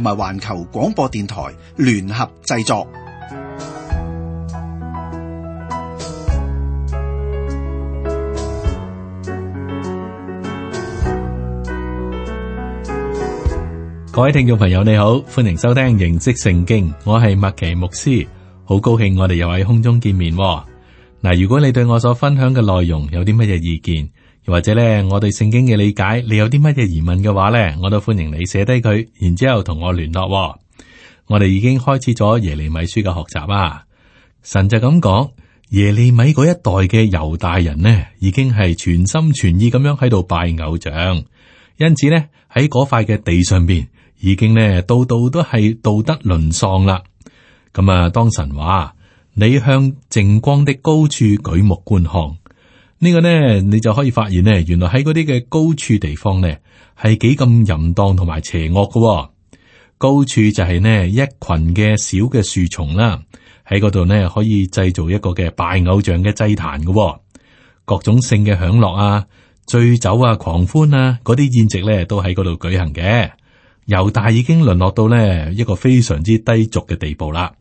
同埋環球廣播電台聯合製作。各位聽眾朋友，你好，歡迎收聽認識聖經，我係麥奇牧師，好高興我哋又喺空中見面。嗱，如果你對我所分享嘅內容有啲乜嘢意見，或者咧，我對聖經嘅理解，你有啲乜嘢疑問嘅話咧，我都歡迎你寫低佢，然之後同我聯絡哦。我哋已經開始咗耶利米書嘅學習啦。神就咁講，耶利米嗰一代嘅猶大人呢，已經係全心全意咁樣喺度拜偶像，因此呢，喺嗰塊嘅地上邊，已經呢，到度都係道德淪喪啦。咁啊，當神話你向淨光的高處舉目觀看。呢個呢，你就可以發現呢，原來喺嗰啲嘅高處地方呢，係幾咁淫蕩同埋邪惡㗎喎。高處就係呢一群嘅小嘅樹叢啦，喺嗰度呢，可以製造一個嘅拜偶像嘅祭壇㗎喎，各種性嘅享樂啊、醉酒啊、狂歡啊，嗰啲宴席呢，都喺嗰度舉行嘅。猶大已經淪落到呢一個非常之低俗嘅地步啦。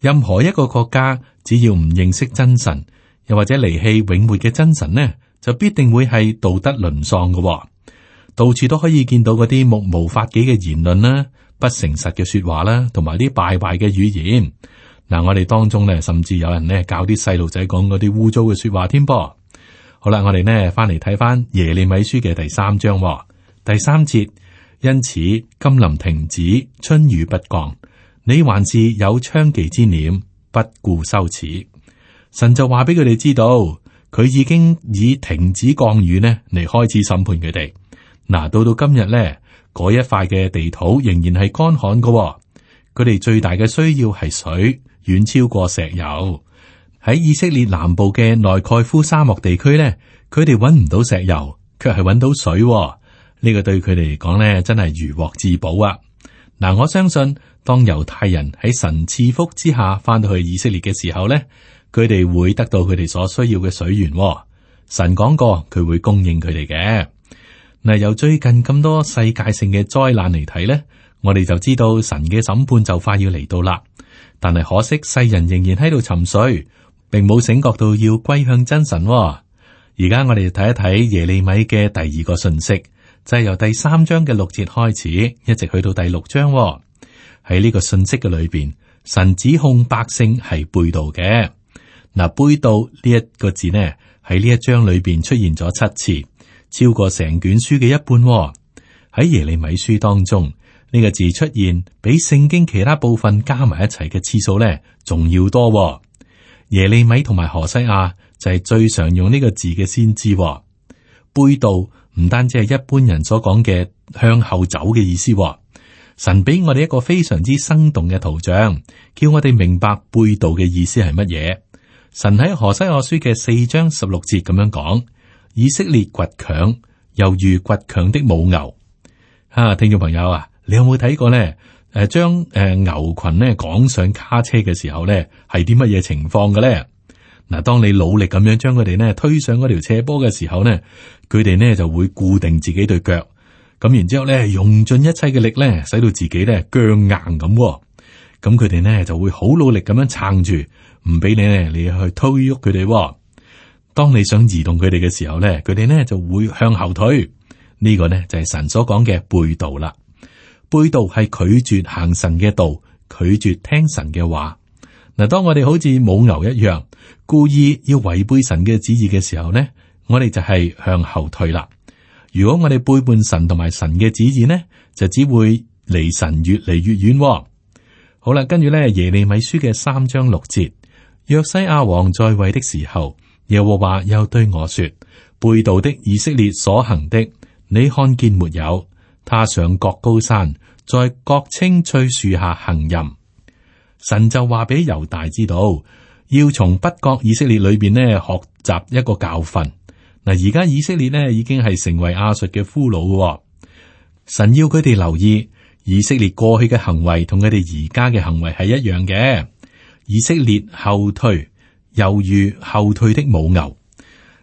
任何一個國家只要唔認識真神，又或者離棄永活嘅真神呢，就必定會係道德淪喪嘅，到處都可以見到嗰啲目無法紀嘅言論啦、啊，不誠實嘅說話啦、啊，同埋啲敗壞嘅語言。嗱、啊，我哋當中呢，甚至有人呢教啲細路仔講嗰啲污糟嘅說話添、啊、噃。好啦，我哋呢翻嚟睇翻耶利米書嘅第三章、哦、第三節，因此甘霖停止，春雨不降，你還是有娼妓之念，不顧羞恥。神就話俾佢哋知道，佢已經以停止降雨呢嚟開始審判佢哋。嗱，到到今日呢，嗰一塊嘅地土仍然係乾旱噶。佢哋最大嘅需要係水，遠超過石油。喺以色列南部嘅內蓋夫沙漠地區呢，佢哋搵唔到石油，卻係搵到水。呢、這個對佢哋嚟講呢，真係如獲至寶啊！嗱，我相信當猶太人喺神賜福之下翻到去以色列嘅時候呢。佢哋會得到佢哋所需要嘅水源、哦。神講過，佢會供應佢哋嘅。嗱，由最近咁多世界性嘅災難嚟睇呢，我哋就知道神嘅審判就快要嚟到啦。但係可惜，世人仍然喺度沉睡，並冇醒覺到要歸向真神、哦。而家我哋睇一睇耶利米嘅第二個信息，就係、是、由第三章嘅六節開始，一直去到第六章哦、喺呢個信息嘅裏邊，神指控百姓係背道嘅。嗱，背道呢一個字呢喺呢一章裏邊出現咗七次，超過成卷書嘅一半喎。喺耶利米書當中呢個字出現，比聖經其他部分加埋一齊嘅次數呢仲要多喎。耶利米同埋何西亞就係最常用呢個字嘅先知喎。背道唔單止係一般人所講嘅向後走嘅意思喎，神俾我哋一個非常之生動嘅圖像，叫我哋明白背道嘅意思係乜嘢。神喺何西阿書嘅四章十六節咁樣講：以色列倔強，猶如倔強的母牛。吓、啊，聽眾朋友啊，你有冇睇過、呃將呃、呢？誒，將誒牛群咧，趕上卡車嘅時候呢，係啲乜嘢情況嘅咧？嗱、啊，當你努力咁樣將佢哋咧推上嗰條斜坡嘅時候呢，佢哋呢就會固定自己對腳，咁然之後咧用盡一切嘅力呢，使到自己呢僵硬咁。咁佢哋呢就會好努力咁樣撐住。唔俾你咧，你去推喐佢哋。當你想移動佢哋嘅時候咧，佢哋呢就會向後退。呢個呢就係神所講嘅背道啦。背道係拒絕行神嘅道，拒絕聽神嘅話。嗱，當我哋好似母牛一樣，故意要違背神嘅旨意嘅時候呢，我哋就係向後退啦。如果我哋背叛神同埋神嘅旨意呢，就只會離神越嚟越遠哦。好啦，跟住呢，耶利米書嘅三章六節。若西亞王在位的時候，耶和華又對我說：背道的以色列所行的，你看見沒有？他上各高山，在各青翠樹下行淫。神就話俾猶大知道，要從北國以色列裏邊呢學習一個教訓。嗱，而家以色列呢已經係成為亞述嘅俘虜，神要佢哋留意以色列過去嘅行為同佢哋而家嘅行為係一樣嘅。以色列後退，猶如後退的母牛，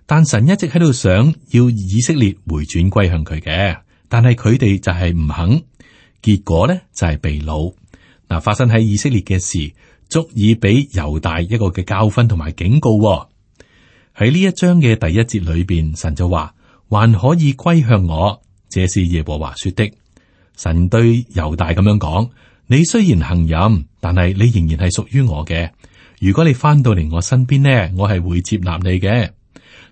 但神一直喺度想要以色列回轉歸向佢嘅，但係佢哋就係唔肯，結果呢，就係被擄。嗱，發生喺以色列嘅事，足以俾猶大一個嘅教訓同埋警告。喺呢一章嘅第一節裏邊，神就話：，還可以歸向我，這是耶和華說的。神對猶大咁樣講：，你雖然行淫。但係你仍然係屬於我嘅。如果你翻到嚟我身邊呢，我係會接納你嘅。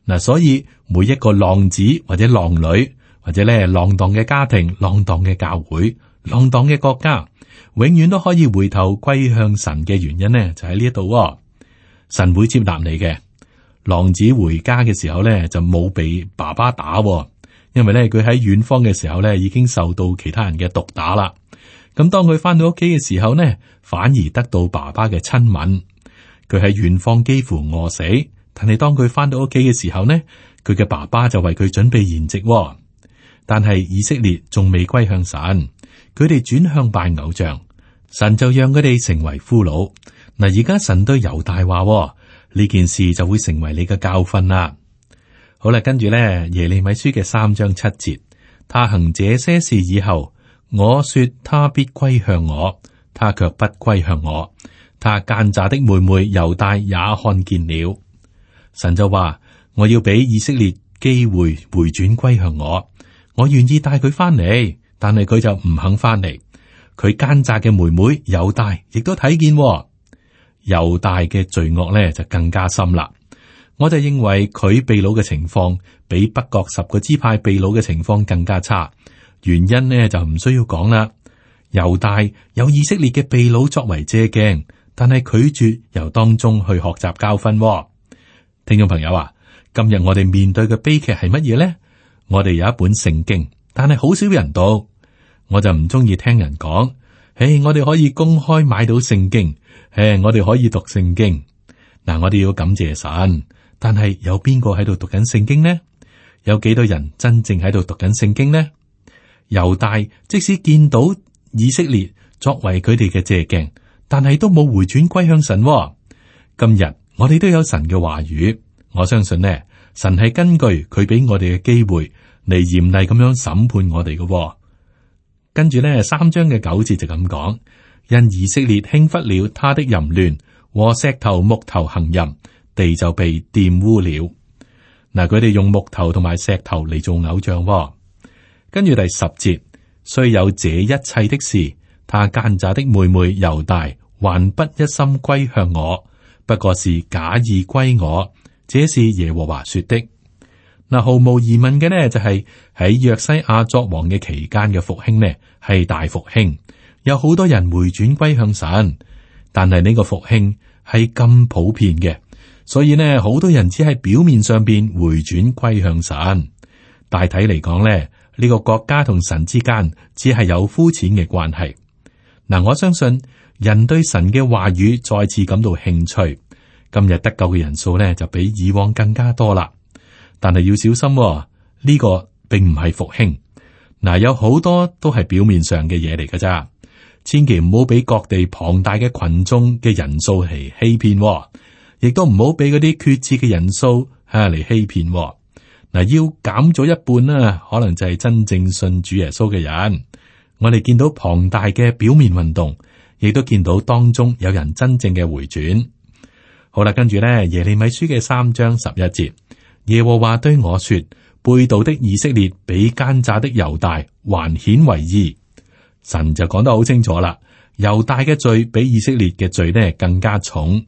嗱，所以每一個浪子或者浪女或者咧浪蕩嘅家庭、浪蕩嘅教會、浪蕩嘅國家，永遠都可以回頭歸向神嘅原因呢，就喺呢度。神會接納你嘅。浪子回家嘅時候呢，就冇被爸爸打，因為呢，佢喺遠方嘅時候呢，已經受到其他人嘅毒打啦。咁當佢翻到屋企嘅時候呢，反而得到爸爸嘅親吻。佢喺遠方幾乎餓死，但係當佢翻到屋企嘅時候呢，佢嘅爸爸就為佢準備筵席，哦。但係以色列仲未歸向神，佢哋轉向拜偶像，神就讓佢哋成為俘虜。嗱，而家神對猶大話，哦，呢件事就會成為你嘅教訓啦。好啦，跟住呢，耶利米書嘅三章七節，他行這些事以後。我說他必歸向我，他卻不歸向我。他奸詐的妹妹猶大也看見了。神就話：我要俾以色列機會回轉歸向我，我願意帶佢翻嚟，但係佢就唔肯翻嚟。佢奸詐嘅妹妹猶大亦都睇見，猶大嘅罪惡呢就更加深啦。我就認為佢被擄嘅情況，比北國十個支派被擄嘅情況更加差。原因呢就唔需要講啦。猶大有以色列嘅秘魯作為借鏡，但係拒絕由當中去學習教訓哦。聽眾朋友啊，今日我哋面對嘅悲劇係乜嘢呢？我哋有一本聖經，但係好少人讀。我就唔中意聽人講，誒，我哋可以公開買到聖經，誒，我哋可以讀聖經。嗱，我哋要感謝神，但係有邊個喺度讀緊聖經呢？有幾多人真正喺度讀緊聖經呢？猶大即使見到以色列作為佢哋嘅借鏡，但係都冇回轉歸向神、哦。今日我哋都有神嘅話語，我相信呢神係根據佢俾我哋嘅機會嚟嚴厲咁樣審判我哋嘅、哦。跟住呢三章嘅九節就咁講：因以色列輕忽了他的淫亂和石頭木頭行淫，地就被玷污了。嗱、嗯，佢哋用木頭同埋石頭嚟做偶像、哦。跟住第十節，雖有這一切的事，他奸詐的妹妹猶大還不一心歸向我，不過是假意歸我。這是耶和華說的。嗱，毫無疑問嘅呢、就是，就係喺約西亞作王嘅期間嘅復興呢，係大復興，有好多人回轉歸向神。但係呢個復興係咁普遍嘅，所以呢，好多人只係表面上邊回轉歸向神。大體嚟講呢。呢個國家同神之間只係有膚淺嘅關係。嗱、啊，我相信人對神嘅話語再次感到興趣。今日得救嘅人數咧就比以往更加多啦。但係要小心、哦、呢，這個並唔係復興。嗱、啊，有好多都係表面上嘅嘢嚟噶咋。千祈唔好俾各地龐大嘅群眾嘅人數係欺騙、哦，亦都唔好俾嗰啲決志嘅人數係嚟欺騙、哦。嗱，要減咗一半呢？可能就係真正信主耶穌嘅人。我哋見到龐大嘅表面運動，亦都見到當中有人真正嘅回轉。好啦，跟住咧耶利米書嘅三章十一節，耶和華對我說：背道的以色列比奸詐的猶大還顯為義。神就講得好清楚啦，猶大嘅罪比以色列嘅罪呢更加重。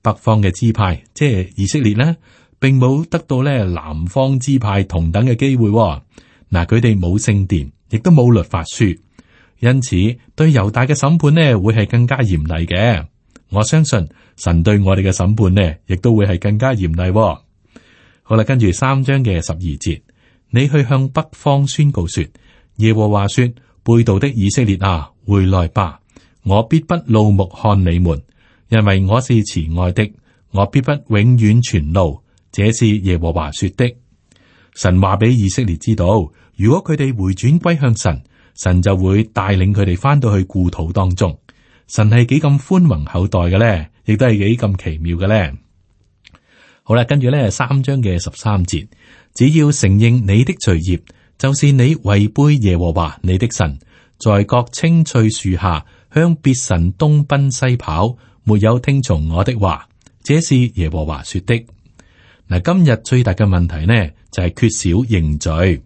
北方嘅支派，即係以色列呢？並冇得到咧南方支派同等嘅機會哦。嗱，佢哋冇聖殿，亦都冇律法書，因此對猶大嘅審判呢，會係更加嚴厲嘅。我相信神對我哋嘅審判呢，亦都會係更加嚴厲。好啦，跟住三章嘅十二節，你去向北方宣告說：耶和華說，背道的以色列啊，回來吧，我必不怒目看你們，因為我是慈愛的，我必不永遠存怒。這是耶和華說的。神話俾以色列知道，如果佢哋回轉歸向神，神就會帶領佢哋返到去故土當中。神係幾咁寬宏厚待嘅咧，亦都係幾咁奇妙嘅咧。好啦，跟住呢，三章嘅十三節，只要承認你的罪孽，就是你違背耶和華你的神，在各青翠樹下向別神東奔西跑，沒有聽從我的話。這是耶和華說的。嗱，今日最大嘅問題呢，就係、是、缺少認罪。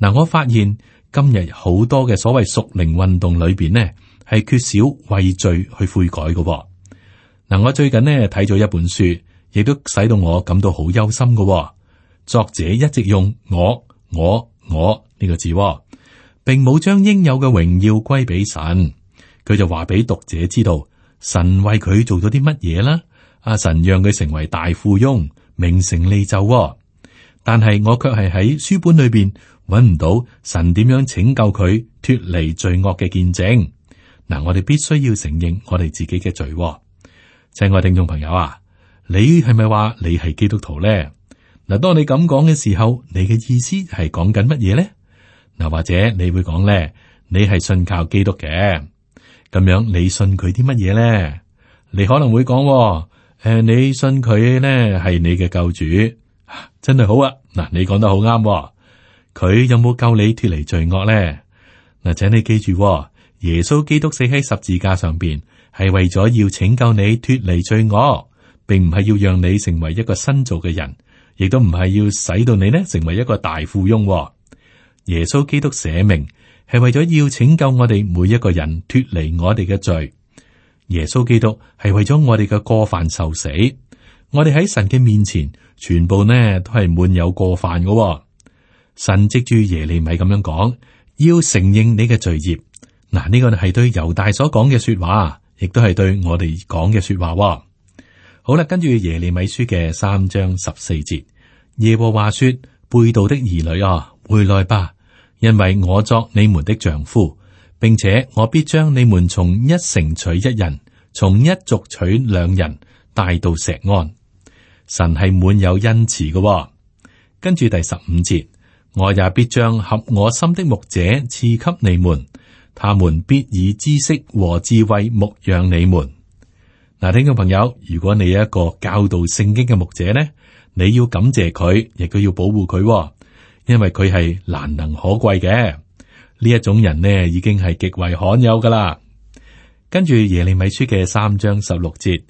嗱、啊，我發現今日好多嘅所謂屬靈運動裏邊呢，係缺少畏罪去悔改嘅、哦。嗱、啊，我最近呢睇咗一本書，亦都使到我感到好憂心嘅、哦。作者一直用我、我、我呢、這個字、哦，並冇將應有嘅榮耀歸俾神。佢就話俾讀者知道，神為佢做咗啲乜嘢啦？阿、啊、神讓佢成為大富翁。名成利就、哦，但係我卻係喺書本裏邊揾唔到神點樣拯救佢脫離罪惡嘅見證。嗱，我哋必須要承認我哋自己嘅罪、哦。親愛的聽眾朋友啊，你係咪話你係基督徒咧？嗱，當你咁講嘅時候，你嘅意思係講緊乜嘢咧？嗱，或者你會講咧，你係信靠基督嘅，咁樣你信佢啲乜嘢咧？你可能會講、哦。誒、啊，你信佢呢？係你嘅救主，啊、真係好啊！嗱、哦，你講得好啱，佢有冇救你脱離罪惡呢？嗱、啊，請你記住、哦，耶穌基督死喺十字架上邊，係為咗要拯救你脱離罪惡，並唔係要讓你成為一個新造嘅人，亦都唔係要使到你呢成為一個大富翁、哦。耶穌基督捨命係為咗要拯救我哋每一個人脱離我哋嘅罪。耶穌基督係為咗我哋嘅過犯受死，我哋喺神嘅面前，全部呢都係滿有過犯嘅、哦。神藉住耶利米咁樣講，要承認你嘅罪孽。嗱、啊，呢、這個係對猶大所講嘅說話，亦都係對我哋講嘅說話、哦。好啦，跟住耶利米書嘅三章十四節，耶和華說：背道的兒女啊，回來吧，因為我作你們的丈夫。並且我必將你們從一城取一人，從一族取兩人，帶到錫安。神係滿有恩慈嘅。跟住第十五節，我也必將合我心的牧者賜給你們，他們必以知識和智慧牧養你們。嗱、啊，聽眾朋友，如果你有一個教導聖經嘅牧者呢，你要感謝佢，亦都要保護佢，因為佢係難能可貴嘅。呢一種人呢，已經係極為罕有㗎喇。跟住耶利米書嘅三章十六節，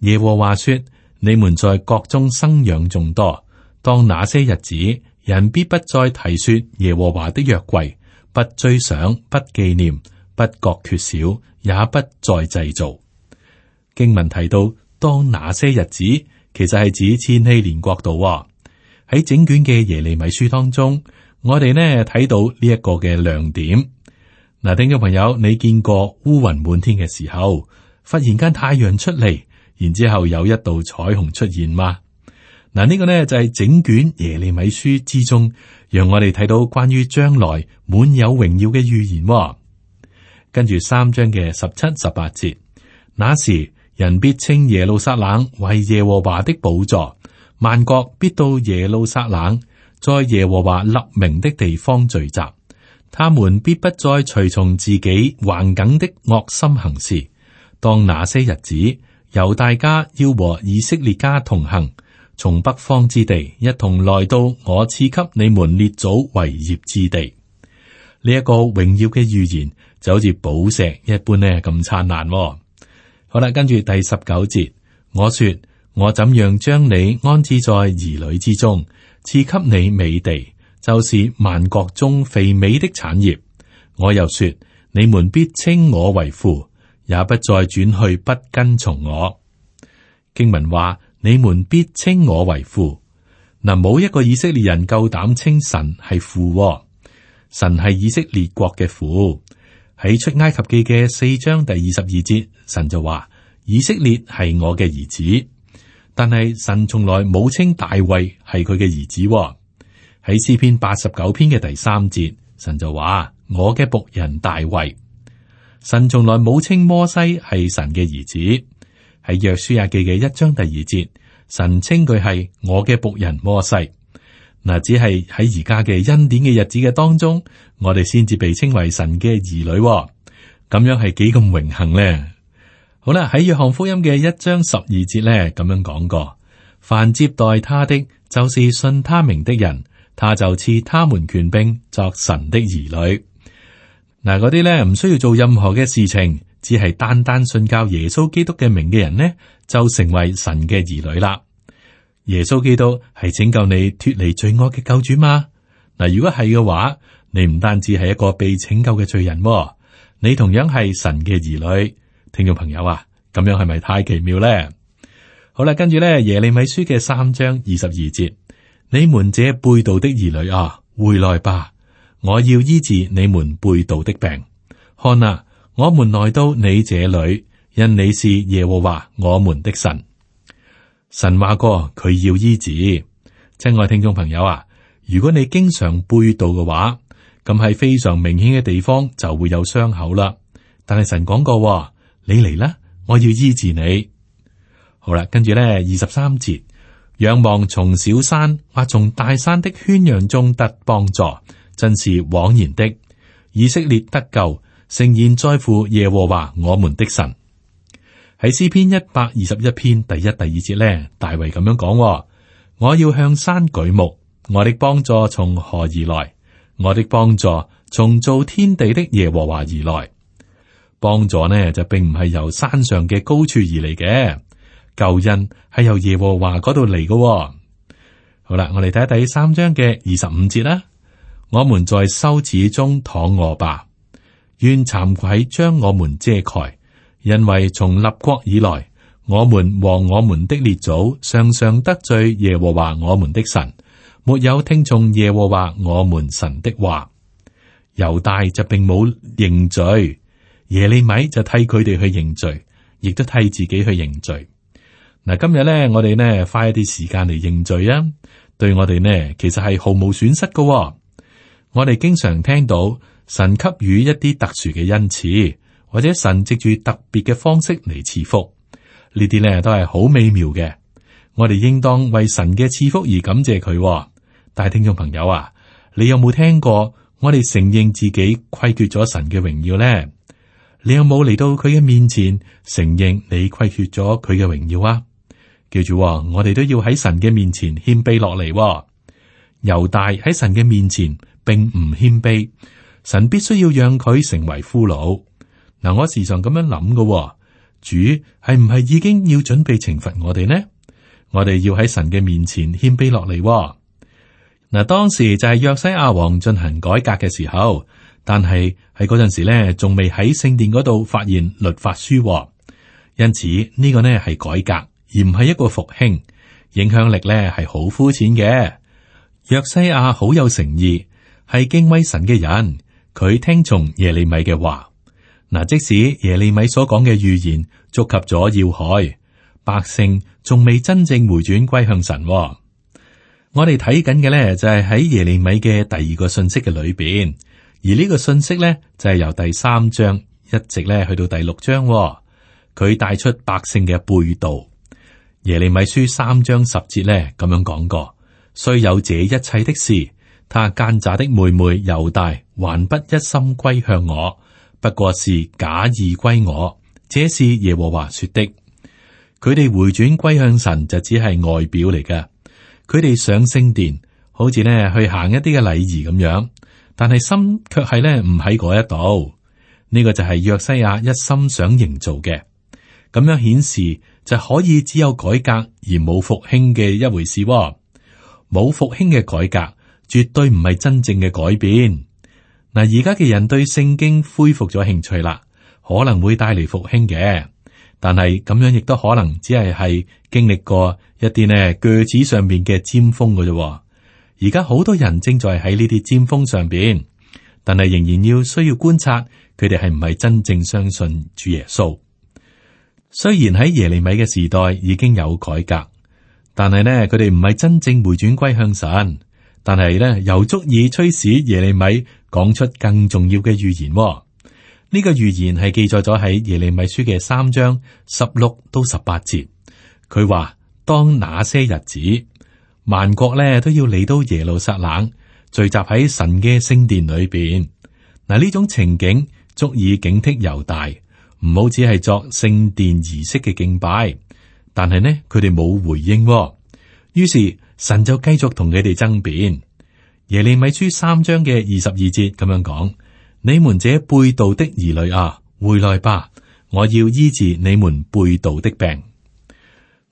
耶和華說：你們在國中生養眾多，當那些日子，人必不再提說耶和華的約櫃，不追想，不紀念，不覺缺少，也不再製造。經文提到，當那些日子，其實係指千禧年國度喺、啊、整卷嘅耶利米書當中。我哋呢睇到呢一個嘅亮點，嗱、啊，聽眾朋友，你見過烏雲滿天嘅時候，忽然間太陽出嚟，然之後有一道彩虹出現嗎？嗱、啊，呢、這個呢就係、是、整卷耶利米書之中，讓我哋睇到關於將來滿有榮耀嘅預言、哦。跟住三章嘅十七、十八節，那時人必稱耶路撒冷為耶和華的寶座，萬國必到耶路撒冷。在耶和華立名的地方聚集，他們必不再隨從自己頑梗的惡心行事。當那些日子，猶大家要和以色列家同行，從北方之地一同來到我賜給你們列祖為業之地。呢、這、一個榮耀嘅預言就好似寶石一般呢，咁燦爛、哦。好啦，跟住第十九節，我說，我怎樣將你安置在兒女之中。賜給你美地，就是萬國中肥美的產業。我又說，你們必稱我為父，也不再轉去不跟從我。經文話，你們必稱我為父。嗱，冇一個以色列人夠膽稱神係父啊，神係以色列國嘅父。喺出埃及記嘅四章第二十二節，神就話：以色列係我嘅兒子。但係神從來冇稱大衛係佢嘅兒子喎、哦，喺詩篇八十九篇嘅第三節，神就話：我嘅僕人大衛。神從來冇稱摩西係神嘅兒子，喺約書亞記嘅一章第二節，神稱佢係我嘅僕人摩西。嗱，只係喺而家嘅恩典嘅日子嘅當中，我哋先至被稱為神嘅兒女、哦，咁樣係幾咁榮幸咧。好啦，喺約翰福音嘅一章十二節咧，咁樣講過：凡接待他的，就是信他名的人，他就賜他們權柄作神的兒女。嗱，嗰啲咧，唔需要做任何嘅事情，只係單單信教耶穌基督嘅名嘅人呢，就成為神嘅兒女啦。耶穌基督係拯救你脫離罪惡嘅救主嘛？嗱，如果係嘅話，你唔單止係一個被拯救嘅罪人，喎，你同樣係神嘅兒女。聽眾朋友啊，咁樣係咪太奇妙咧？好啦，跟住咧耶利米書嘅三章二十二節，你們這背道的兒女啊，回來吧！我要醫治你們背道的病。看啊，我們來到你這裏，因你是耶和華我們的神。神話過佢要醫治，親愛聽眾朋友啊，如果你經常背道嘅話，咁係非常明顯嘅地方就會有傷口啦。但係神講過啊。你嚟啦，我要醫治你。好啦，跟住咧，二十三節，仰望從小山或從大山的喧嚷中得幫助，真是枉然的。以色列得救，誠然在乎耶和華我們的神。喺詩篇一百二十一篇第一第二節咧，大衛咁樣講、哦：我要向山舉目，我的幫助從何而來？我的幫助從造天地的耶和華而來。幫助呢就並唔係由山上嘅高處而嚟嘅，救恩係由耶和華嗰度嚟嘅。好啦，我哋睇第三章嘅二十五節啦。我們在羞恥中躺臥吧，願慚愧將我們遮蓋。因為從立國以來，我們和我們的列祖常常得罪耶和華我們的神，沒有聽從耶和華我們神的話。猶大就並冇認罪。耶利米就替佢哋去認罪，亦都替自己去認罪。嗱，今日咧，我哋咧花一啲時間嚟認罪啊，對我哋咧其實係毫無損失噶喎。我哋經常聽到神給予一啲特殊嘅恩賜，或者神藉住特別嘅方式嚟賜福，呢啲咧都係好美妙嘅。我哋應當為神嘅賜福而感謝佢喎。但係聽眾朋友啊，你有冇聽過我哋承認自己虧缺咗神嘅榮耀咧？你有冇嚟到佢嘅面前承認你虧欠咗佢嘅榮耀啊？記住，我哋都要喺神嘅面前謙卑落嚟。猶大喺神嘅面前並唔謙卑，神必須要讓佢成為俘虜。嗱，我時常咁樣諗嘅，主係唔係已經要準備懲罰我哋呢？我哋要喺神嘅面前謙卑落嚟。嗱，當時就係約西亞王進行改革嘅時候。但係喺嗰陣時咧，仲未喺聖殿嗰度發現律法書，因此呢個呢係改革而唔係一個復興，影響力咧係好膚淺嘅。約西亞好有誠意，係敬畏神嘅人，佢聽從耶利米嘅話。嗱，即使耶利米所講嘅預言觸及咗要害，百姓仲未真正回轉歸向神。我哋睇緊嘅咧就係喺耶利米嘅第二個信息嘅裏邊。而呢個信息咧，就係、是、由第三章一直咧去到第六章，哦，佢帶出百姓嘅背道。耶利米書三章十節咧咁樣講過：雖有這一切的事，他奸詐的妹妹猶大還不一心歸向我，不過是假意歸我。這是耶和華說的。佢哋回轉歸向神就只係外表嚟嘅，佢哋上聖殿，好似咧去行一啲嘅禮儀咁樣。但係心卻係咧唔喺嗰一度，呢個就係約西亞一心想營造嘅，咁樣顯示就可以只有改革而冇復興嘅一回事、哦。冇復興嘅改革，絕對唔係真正嘅改變。嗱，而家嘅人對聖經恢復咗興趣啦，可能會帶嚟復興嘅，但係咁樣亦都可能只係係經歷過一啲呢句子上面嘅尖峰嘅啫。而家好多人正在喺呢啲尖峰上邊，但係仍然要需要觀察佢哋係唔係真正相信主耶穌。雖然喺耶利米嘅時代已經有改革，但係呢，佢哋唔係真正回轉歸向神，但係呢，又足以驅使耶利米講出更重要嘅預言，哦。呢、呢個預言係記載咗喺耶利米書嘅三章十六到十八節。佢話當那些日子。萬國咧都要嚟到耶路撒冷聚集喺神嘅聖殿裏邊。嗱，呢種情景足以警惕猶大，唔好只係作聖殿儀式嘅敬拜。但係呢，佢哋冇回應、哦，於是神就繼續同佢哋爭辯。耶利米書三章嘅二十二節咁樣講：你們這背道的兒女啊，回來吧，我要醫治你們背道的病。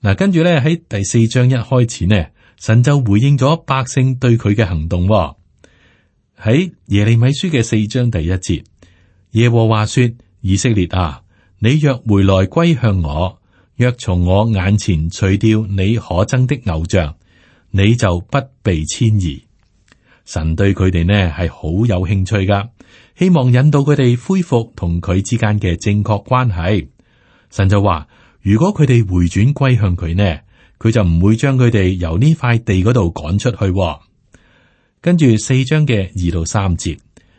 嗱，跟住咧喺第四章一開始呢。神就回應咗百姓對佢嘅行動喎，哦，喺耶利米書嘅四章第一節，耶和華說：以色列啊，你若回來歸向我，若從我眼前除掉你可憎的偶像，你就不被遷移。神對佢哋呢係好有興趣噶，希望引導佢哋恢復同佢之間嘅正確關係。神就話：如果佢哋回轉歸向佢呢？佢就唔會將佢哋由呢塊地嗰度趕出去喎。跟住四章嘅二到三節，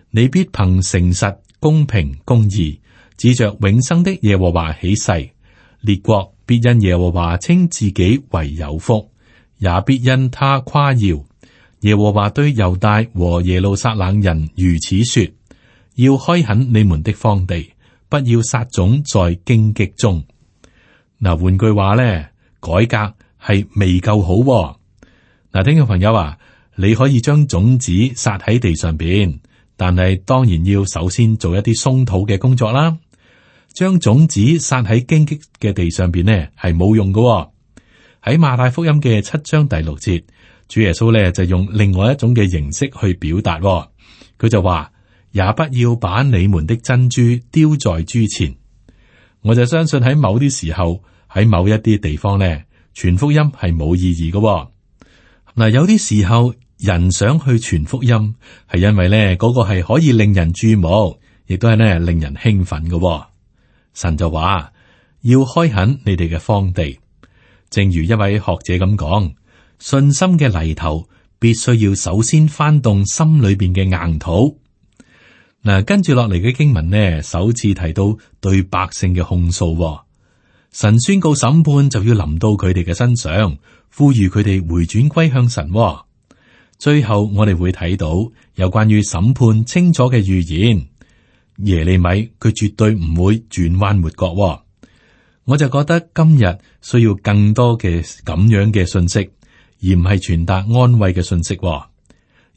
你必憑誠實、公平、公義，指着永生的耶和華起誓；列國必因耶和華稱自己為有福，也必因他誇耀。耶和華對猶大和耶路撒冷人如此說：要開墾你們的荒地，不要撒種在荊棘中。嗱，換句話咧，改革。係未夠好嗱、哦。聽眾朋友啊，你可以將種子撒喺地上邊，但係當然要首先做一啲鬆土嘅工作啦。將種子撒喺荊棘嘅地上邊呢，係冇用噶、哦。喺馬太福音嘅七章第六節，主耶穌咧就用另外一種嘅形式去表達佢、哦、就話，也不要把你們的珍珠丟在豬前。我就相信喺某啲時候喺某一啲地方呢。傳福音係冇意義嘅、哦，嗱，有啲時候人想去傳福音，係因為咧嗰、那個係可以令人注目，亦都係咧令人興奮嘅、哦。神就話，要開墾你哋嘅荒地，正如一位學者咁講，信心嘅犁頭必須要首先翻動心裏邊嘅硬土。嗱，跟住落嚟嘅經文呢，首次提到對百姓嘅控訴、哦。神宣告審判就要臨到佢哋嘅身上，呼籲佢哋回轉歸向神，哦。最後我哋會睇到有關於審判清楚嘅預言。耶利米佢絕對唔會轉彎抹角，哦。我就覺得今日需要更多嘅咁樣嘅信息，而唔係傳達安慰嘅信息，哦。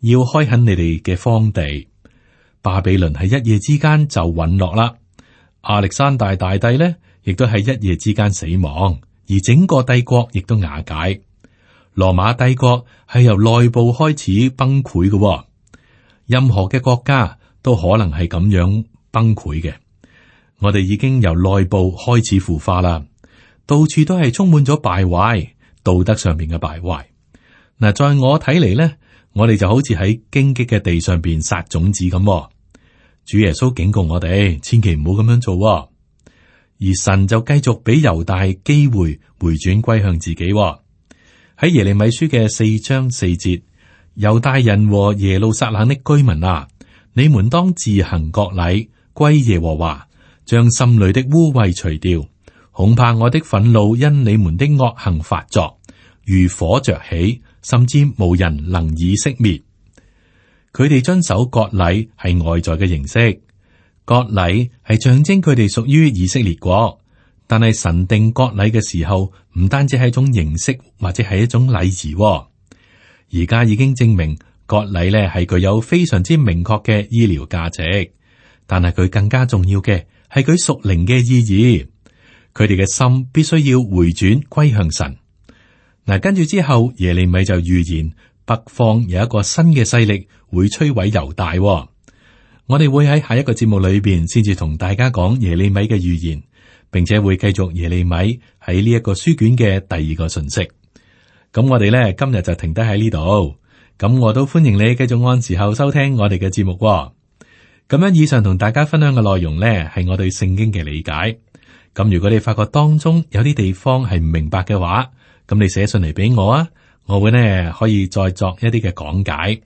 要開墾你哋嘅荒地，巴比倫喺一夜之間就隕落啦。亞歷山大大帝咧。亦都係一夜之間死亡，而整個帝國亦都瓦解。羅馬帝國係由內部開始崩潰嘅、哦，任何嘅國家都可能係咁樣崩潰嘅。我哋已經由內部開始腐化啦，到處都係充滿咗敗壞，道德上面嘅敗壞。嗱、呃，在我睇嚟咧，我哋就好似喺荊棘嘅地上邊撒種子咁、哦。主耶穌警告我哋，千祈唔好咁樣做、哦。而神就繼續俾猶大機會回轉歸向自己喎。喺耶利米書嘅四章四節，猶大人和耶路撒冷的居民啊，你們當自行割禮，歸耶和華，將心裏的污穢除掉，恐怕我的憤怒因你們的惡行發作，如火着起，甚至無人能以熄滅。佢哋遵守割禮係外在嘅形式。割禮係象徵佢哋屬於以色列國，但係神定割禮嘅時候，唔單止係一種形式或者係一種禮儀哦。而家已經證明割禮咧係具有非常之明確嘅醫療價值，但係佢更加重要嘅係佢屬靈嘅意義。佢哋嘅心必須要回轉歸向神。嗱，跟住之後耶利米就預言北方有一個新嘅勢力會摧毀猶大哦。我哋會喺下一個節目裏邊先至同大家講耶利米嘅預言，並且會繼續耶利米喺呢一個書卷嘅第二個信息。咁我哋呢今日就停低喺呢度。咁我都歡迎你繼續按時候收聽我哋嘅節目哦。咁樣以上同大家分享嘅內容呢，係我對聖經嘅理解。咁如果你發覺當中有啲地方係唔明白嘅話，咁你寫信嚟俾我啊，我會呢可以再作一啲嘅講解。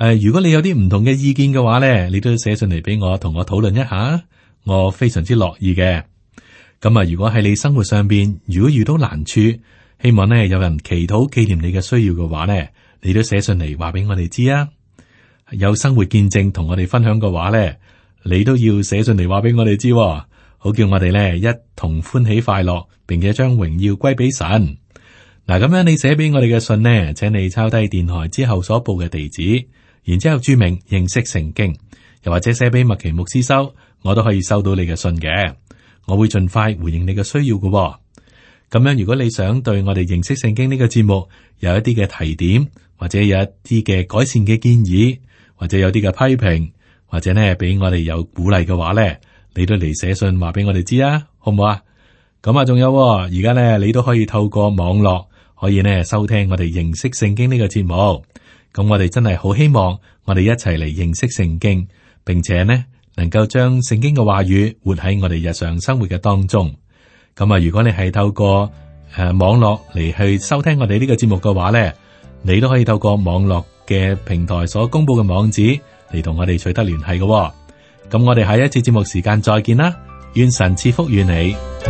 誒，如果你有啲唔同嘅意見嘅話呢，你都寫信嚟俾我，同我討論一下，我非常之樂意嘅。咁啊，如果喺你生活上邊，如果遇到難處，希望呢有人祈禱紀念你嘅需要嘅話呢，你都寫信嚟話俾我哋知啊。有生活見證同我哋分享嘅話呢，你都要寫信嚟話俾我哋知，好叫我哋呢一同歡喜快樂，並且將榮耀歸俾神。嗱，咁樣你寫俾我哋嘅信呢，請你抄低電台之後所報嘅地址。然之後注明認識聖經，又或者寫俾麥奇牧師收，我都可以收到你嘅信嘅，我會盡快回應你嘅需要嘅喎。咁樣如果你想對我哋認識聖經呢個節目有一啲嘅提點，或者有一啲嘅改善嘅建議，或者有啲嘅批評，或者呢俾我哋有鼓勵嘅話呢，你都嚟寫信話俾我哋知啊，好唔好啊？咁啊，仲有而家呢，你都可以透過網絡可以呢收聽我哋認識聖經呢個節目。咁我哋真係好希望，我哋一齊嚟認識聖經，並且呢能夠將聖經嘅話語活喺我哋日常生活嘅當中。咁啊，如果你係透過誒、呃、網絡嚟去收聽我哋呢個節目嘅話呢，你都可以透過網絡嘅平台所公佈嘅網址嚟同我哋取得聯繫嘅、哦。咁我哋下一次節目時間再見啦，願神賜福與你。